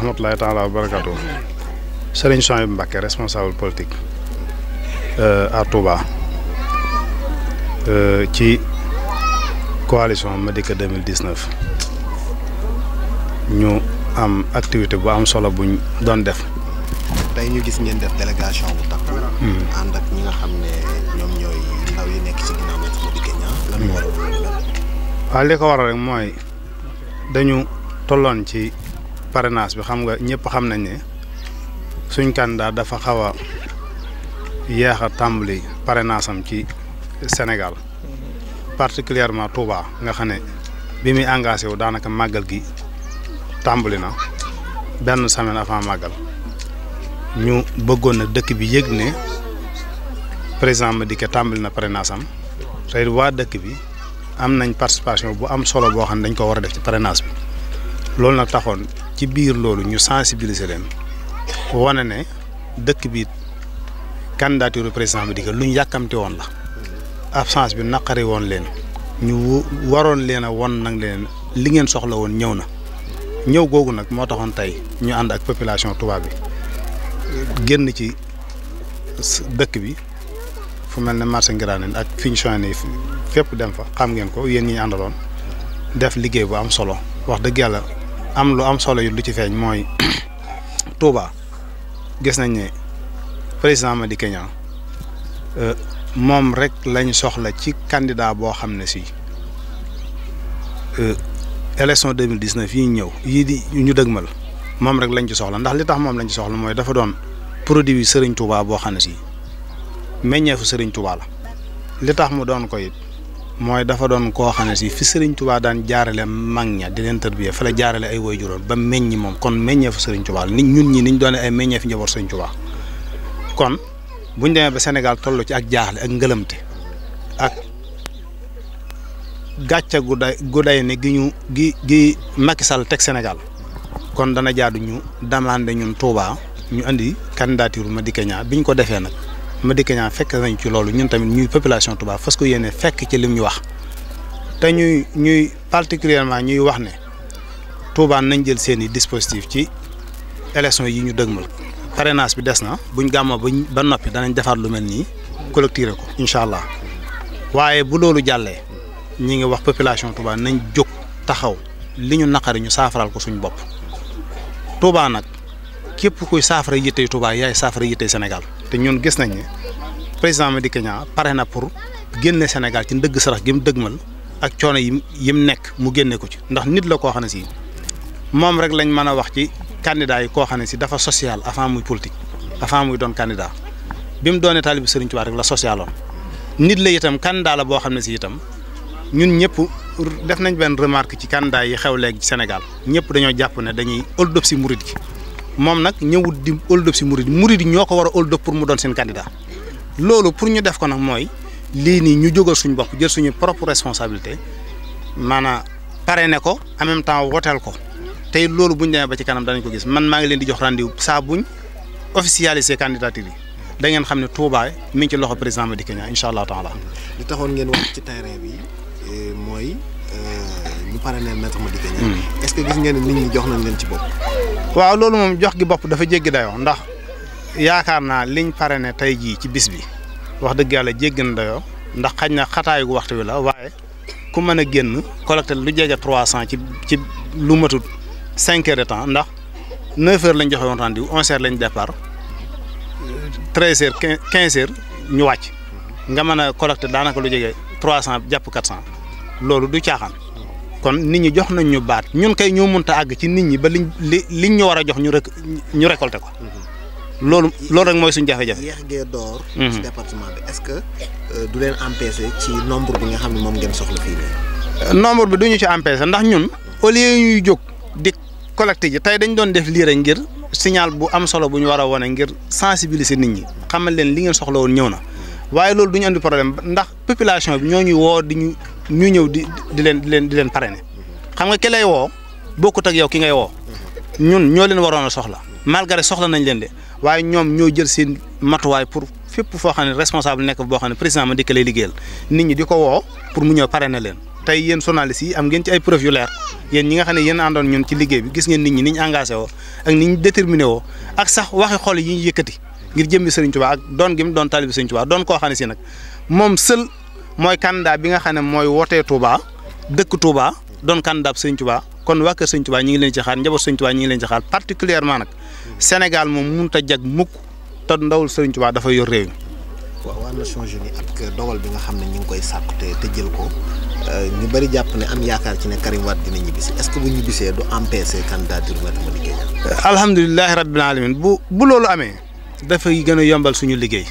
rahmatulahi taala wa barakatuh Serigne Souhaïbou Mbacké responsable politique euh, à Touba euh, ci coalition Madické 2019 ñu am activité bu am solo buñ doon def tey ñu gis ngeen def délégation bu hmm. nga xam ne ñoom nekk ci hmm. li ko waral mooy dañu tolloon ci parrainage bi xam nga ñëpp xam nañ ne suñ candidat dafa xawa a yéex a tàmbali parrainage am ci Sénégal particulièrement Touba nga xam ne bi muy engagé wu daanaka màggal gi tàmbali na benn semaine avant màggal ñu bëggoon na dëkk bi yëg ne ma Madické tàmbali na parrainage am waa dëkk bi am nañ participation bu am solo boo xam ne dañ ko war a def ci parrainage bi loolu nag taxoon ci biir loolu ñu sensibiliser leen wane ne dëkk bi candidature président bi di ko lu ñu yàkkamti woon la absence bi naqari woon leen ñu waroon leen a won nag leen li ngeen soxla woon ñëw na ñëw googu nag moo taxoon tey ñu ànd ak population tubaab bi génn ci dëkk bi fu mel ne marché Ngiraaneen ak fi ñu soññee fépp dem fa xam ngeen ko yéen ñi ñu àndaloon def liggéey bu am solo wax dëgg yàlla. am lu am solo yu lu ci feeñ mooy Touba gis nañ ne président Madické Niang euh, moom rek lañu soxla ci candidat boo xam ne si euh, élection 2019 yi ñëw yii di ñu dëgmal moom rek lañ ci soxla ndax li tax moom lañ soxla mooy dafa doon produit bi Serigne Touba boo xam ne si meññeefu Serigne Touba la li tax mu doon ko mooy dafa doon koo xam ne si fi Serigne Touba daan jaarale mag ña di leen tërbiyee fa la jaarale ay waajuram ba meññi moom kon meññee fa Serigne Touba nit ñun ñi niñ doone ay meññee fi njaboot Serigne Touba kon buñ demee ba senegal toll ci ak jaaxle ak ngëlëmte ak gàcce gu day gu day ne gi ñu gi gi Macky Sall teg Sénégal kon dana jaadu ñu demandé ñun Touba ñu andi candidature Madické bi ñu ko defee nag. ma dikk fekk nañ ci loolu ñun tamit ñuy population Touba fas ko yéene fekk ci lim ñu wax te ñuy ñuy particulièrement ñuy wax ne Touba nañ jël seen i dispositif ci élection yi ñu dëgmal parrainage bi des na buñ gàmmoo bañ ba noppi danañ defar lu mel nii collecté ko incha allah waaye bu loolu jàllee ñi ngi wax population Touba nañ jóg taxaw li ñu naqari ñu saafaral ko suñ bopp Touba nag képp kuy saafara yittey Touba yaay saafara yittey Senegal. te ñun gis nañ ni président Madické kenya pare na pour génné Sénégal ci ndëgg sarax gi mu dëgmal ak coono yi yim nekk mu génné ko ci ndax nit la ko ci mom rek lañ mëna wax ci candidat yi ko ci dafa social avant muy politique avant muy don candidat bi mu doonee taalibu Serigne Touba rek la socialoon nit la itam candidat la bo xamné ci si itam ñun ñëpp def nañ ben remarque ci candidat yi xew léegi Sénégal ñëpp dañoo japp ne dañuy oldopsi mouride moom nag ñëwut di hold up si murid murid ñoo ko war a hold up pour mu doon seen candidat loolu pour ñu def ko nag mooy lii nii ñu jógal suñu bopp jël suñu propre responsabilité maanaam pare ne ko en même temps woteel ko tey loolu buñ ñu demee ba ci kanam danañ ko gis man maa ngi leen di jox rendez-vous saa buñ officialiser candidature yi da ngeen xam ne Touba mi ngi ci loxo président Madické Niang incha allah taala li taxoon ngeen wax ci terrain bi eh, mooy eh, ñu parrainer Maître Madické Niang. Hmm. est-ce gis ngeen nit jox nañ leen ci bopp. waaw loolu moom jox gi bopp dafa jéggi dayoo ndax yaakaar naa liñ pare ne tey jii ci bis bi wax dëgg yàlla jéggi na dayoo ndax xañ na xataayu waxtu wi la waaye ku mën a génn collecté lu jege trois cent ci ci lu matut cinq heures de temps ndandax neuf heures lañ joxe woon rendez-vous onze heures lañ départ treize heures quinze heures ñu wàcc nga mën a collecté daanaka lu jege trois cent jàpp quatre cent loolu du caaxaan. kon nit ñi jox nañ ñu baat ñun kay ñoo mënta ag ci nit ñi ba liñ ñu wara jox ñu rek ñu récolté ko. lool mhm. lool rek moy suñu jafé jafé yeex ge dor ci mhm. département bi est-ce que euh, du len empêcher ci nombre bi nga xamni mom ngeen soxla fi ni euh, nombre bi duñu ci empêcher ndax ñun au lieu ñuy jóg di collecté ji tay dañ doon def lii rek ngir signal bu am solo buñu wara woné ngir sensibiliser nit ñi xamal len li ngeen soxla won ñëw na mhm. waaye loolu du andi problème ndax population bi ñoo ñu woo di ñu ñëw di leen di leen di leen parrainer xam nga ki lay woo bokkut ak yow ki ngay woo ñun ñoo leen waroon a soxla malgré soxla nañ leen de waaye ñoom ñoo jël seen matuwaay pour fépp foo xam ne responsable nekk boo xam ne président ma dikk lay liggéeyal nit di ko woo pour mu ñëw parrainer leen. tey yéen journalistes yi am ngeen ci ay preuve yu leer yéen ñi nga xam ne yéen àndoon ñun ci liggéey bi gis ngeen nit ñi ni ñu engagé woo ak ni ñu déterminé woo ak sax waxi xol yi ñu yëkkati ngir jëmbi Serigne Touba ak doon gi mu doon taalibi Serigne Touba doon koo xam ne si nag mooy candidat bi nga xam ne mooy wootee Touba dëkk Touba doon candidat Sëñ Touba kon waa kër Sëñ Touba ñi ngi leen ci xaar njaboot Sëñ Touba ñi ngi leen ci xaar particulièrement nag Sénégal moom mënut a jag mukk te ndawul Sëñ Touba dafa yor réew mi. waaw waa Nations Unies ak dogal bi nga xam ne ñu ngi koy sàkku te te jël ko euh, ñu bëri jàpp ne am yaakaar ci ne Karim Wade dina ñibbisi est-ce que bu ñibbisee du empêcher candidature Maître Madické Niang. alhamdulilah rabbil alamin bu bu loolu amee dafay gën a yombal suñu liggéey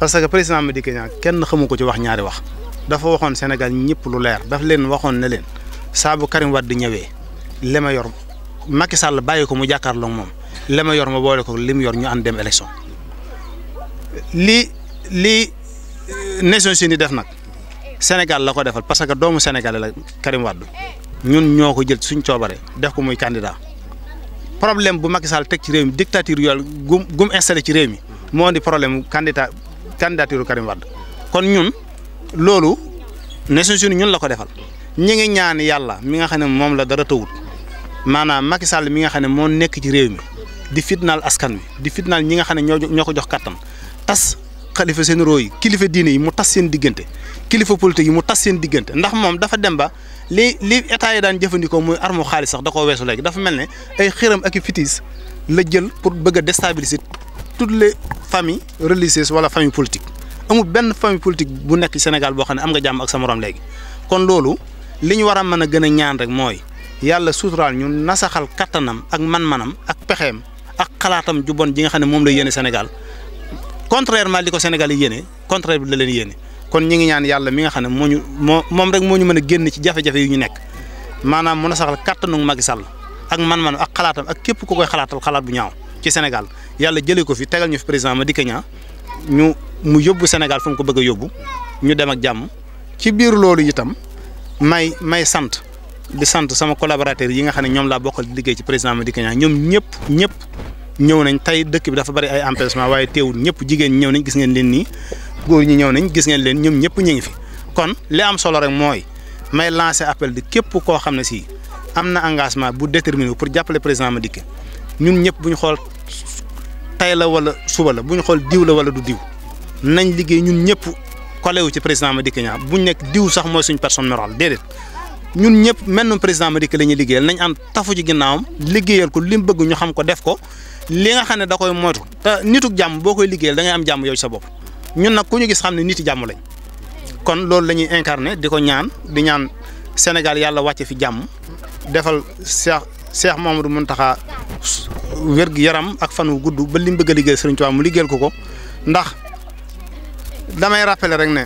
parce que président Madické Niang kenn xamuko ci wax ñaari wax dafa waxoon Sénégal ñepp lu leer daf leen waxoon ne leen Sabu Karim Wade ñewé li yor Macky Sall bayiko mu jakarlo li yor ma boole ko li yor ñu and dem élection li li euh, Nations Unies def nak Sénégal la ko defal parce que doomu Sénégal la Karim Wade ñun ñoko jël suñ ciobaré def ko muy candidat problème bu Macky Sall tek ci réew mi dictature gum gum installé ci réew mi mo di problème candidat candidature Karim Wade kon ñun loolu Nations Unies ñun la ko defal ñi ngi ñaan yàlla mi nga xam ne moom la dara tawut maanaam Macky Sall mi nga xam ne moo nekk ci réew mi di fitnaal askan wi di fitnaal ñi nga xam ne ñoo ñoo ko jox kattan tas xalifa seen roo yi kilifa diine yi mu tas seen diggante kilifa politique yi mu tas seen diggante ndax moom dafa dem ba li li état yi daan jëfandikoo muy armu xaalis sax da koo weesu léegi dafa mel ne ay xiram ak i fitis la jël pour bëgg a toutes les familles religieuses wala famille politique amul benn famille politique bu nekk Sénégal boo xam ne am nga jàmm ak sa morom léegi kon loolu li ñu war a mën a gën a ñaan rek mooy yàlla suturaal ñu nasaxal kattanam ak man-manam ak pexeem ak xalaatam ju bon ji nga xam ne moom la yéene Sénégal contrairement li ko Sénégal yi yéene contraire bi la leen kon ñu ngi ñaan yàlla mi nga xam ne moo ñu moo moom moo ñu mën a génn ci jafe-jafe ñu nekk maanaam mu nasaxal kattanu Macky Sall ak man-manam ak xalaatam ak képp ku koy xalaatal xalaat bu ñaaw ci Sénégal yàlla jëlee ko fi tegal ñu fi président Madické Niang ñu mu yóbbu Sénégal fu mu ko bëgg a yóbbu ñu dem ak jàmm ci biir loolu itam may may sant di sant sama collaborateurs yi nga xam ne ñoom laa bokkal di liggéey ci président Madické Niang ñoom ñëpp ñëpp ñëw dëkk bi dafa bari ay empêchement waaye teewul ñëpp jigéen ñëw nañ gis ngeen leen nii góor ñi ñëw nañ gis ngeen leen ñoom ñëpp ñu ngi fi kon li am solo rek mooy may lancer appel di képp koo xam ne si am na engagement bu déterminé pour jàppale président Madické ñun ñëpp bu ñu xool tay la wala suba la bu ñu xool diw la wala du diw nañ liggéey ñun ñëpp kolewu ci président Madické bu buñ nekk diw sax mooy suñ personne morale déedéet ñun ñëpp mennum président Madické la ñuy liggéeyal nañ am tafu ci ginnaawam liggéeyal ko li mu bëgg ñu xam ko def ko li nga xam ne da koy moytu te nituk jàmm boo koy liggéeyal da am jàmm yow ci sa bopp ñun nag ku ñu gis xam ne niti jàmm lañ kon loolu la ñuy incarné di ko ñaan di ñaan Sénégal yàlla wàcce fi jàmm defal Cheikh Mamadou Mountakha wér gu yaram ak fan wu gudd ba li mu bëgg a liggéey Serigne Touba mu liggéel ko ko ndax damay rappeler rek ne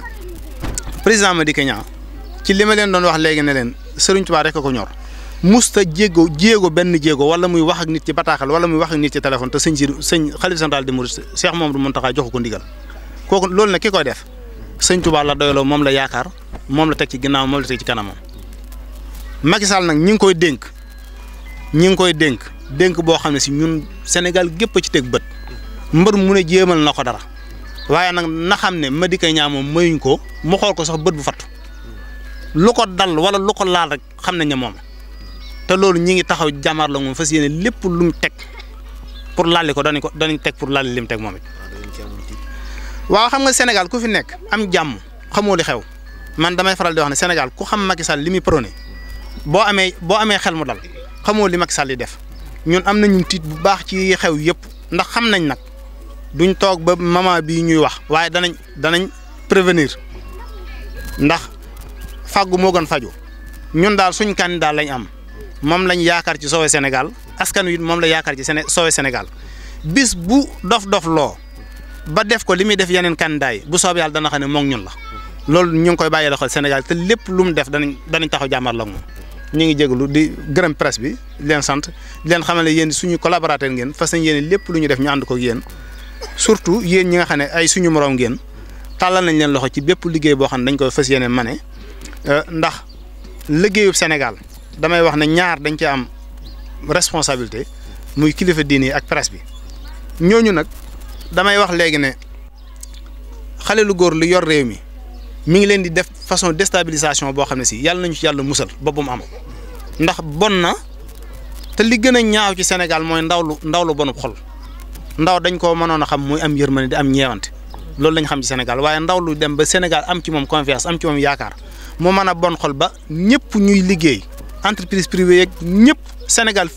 président Madické Niang ci li ma leen doon wax léegi ne leen Serigne Touba rek a ko ñor musta jéego jéego benn jéego wala muy wax ak nit ci bataaxal wala muy wax ak nit ci téléphone te sëñ si sëñ xalif central di Mouride Cheikh Mamadou Mountakha jox ko ndigal kooku loolu nag ki koy def sëñ Touba la doyloo moom la yaakaar moom la teg ci ginnaaw moom la ci kanamam Macky nag ñi ngi koy dénk. ñi ngi koy dénk dénk boo xam ne si ñun Sénégal gépp ci teg bët mbër mu ne jéemal na ko dara waaye nag na xam ne Madické Niang moom mayuñ ko mu xool ko sax bët bu fattu lu ko dal wala lu ko laal rek xam nañ ne moom te loolu ñi ngi taxaw jàmmaar la fa fas yéene lépp lu teg pour lalli ko danañ ko danañ teg pour lalli li mu teg moom it. waaw xam nga Sénégal ku fi nekk am jàmm xamoo li xew man damay faral di wax ne Sénégal ku xam Macky Sall li muy prôné boo amee boo amee xel mu dal. xamoo li mag Sall yi def ñun am nañu tiit bu baax ci xew yëpp ndax xam nañ nag duñ toog ba moment bii ñuy wax waaye danañ danañ prévenir ndax fàggu moo gën faju ñun daal suñ candidat lañ am moom lañ yaakaar ci soowe Sénégal askan wi moom la yaakaar ci Séné soowe Sénégal bis bu dof-dof loo ba def ko li muy def yeneen candidat bu soob al dana xam ne moom ñun la loolu ñu ngi koy bàyyi la xel Sénégal te lépp lu def danañ danañ taxaw jàmmarloo ak ñu ngi jégalu di gërëm presse bi di leen sant leen xamal ne yéen suñu collaborateur ngeen fas nañ yéen lépp lu ñu def ñu ànd ko ak yéen surtout yéen ñi nga xam ne ay suñu morom ngeen tàllal nañ leen loxo ci bépp liggéey boo xam ne dañ koy fas yéene mane euh, ndax liggéeyub Sénégal damay wax ne ñaar dañ ci am responsabilité muy kilifa diine ak presse bi ñooñu nag damay wax léegi ne xale lu góor lu yor réew mi mi ngi leen di def façon déstabilisation boo xam ne si yàlla nañu ci yàlla musal ba am ndax bon na li a ñaaw ci Sénégal mooy ndawlu ndawlu bonub xol ndaw dañ koo mënoon a xam muy am yërmane di am ñeewante loolu lañ xam ci Sénégal waaye ndawlu dem ba Sénégal am ci moom confiance am ci moom yaakaar mu mën a bon xol ba ñëpp ñuy liggéey entreprise privée yeeg ñëpp Sénégal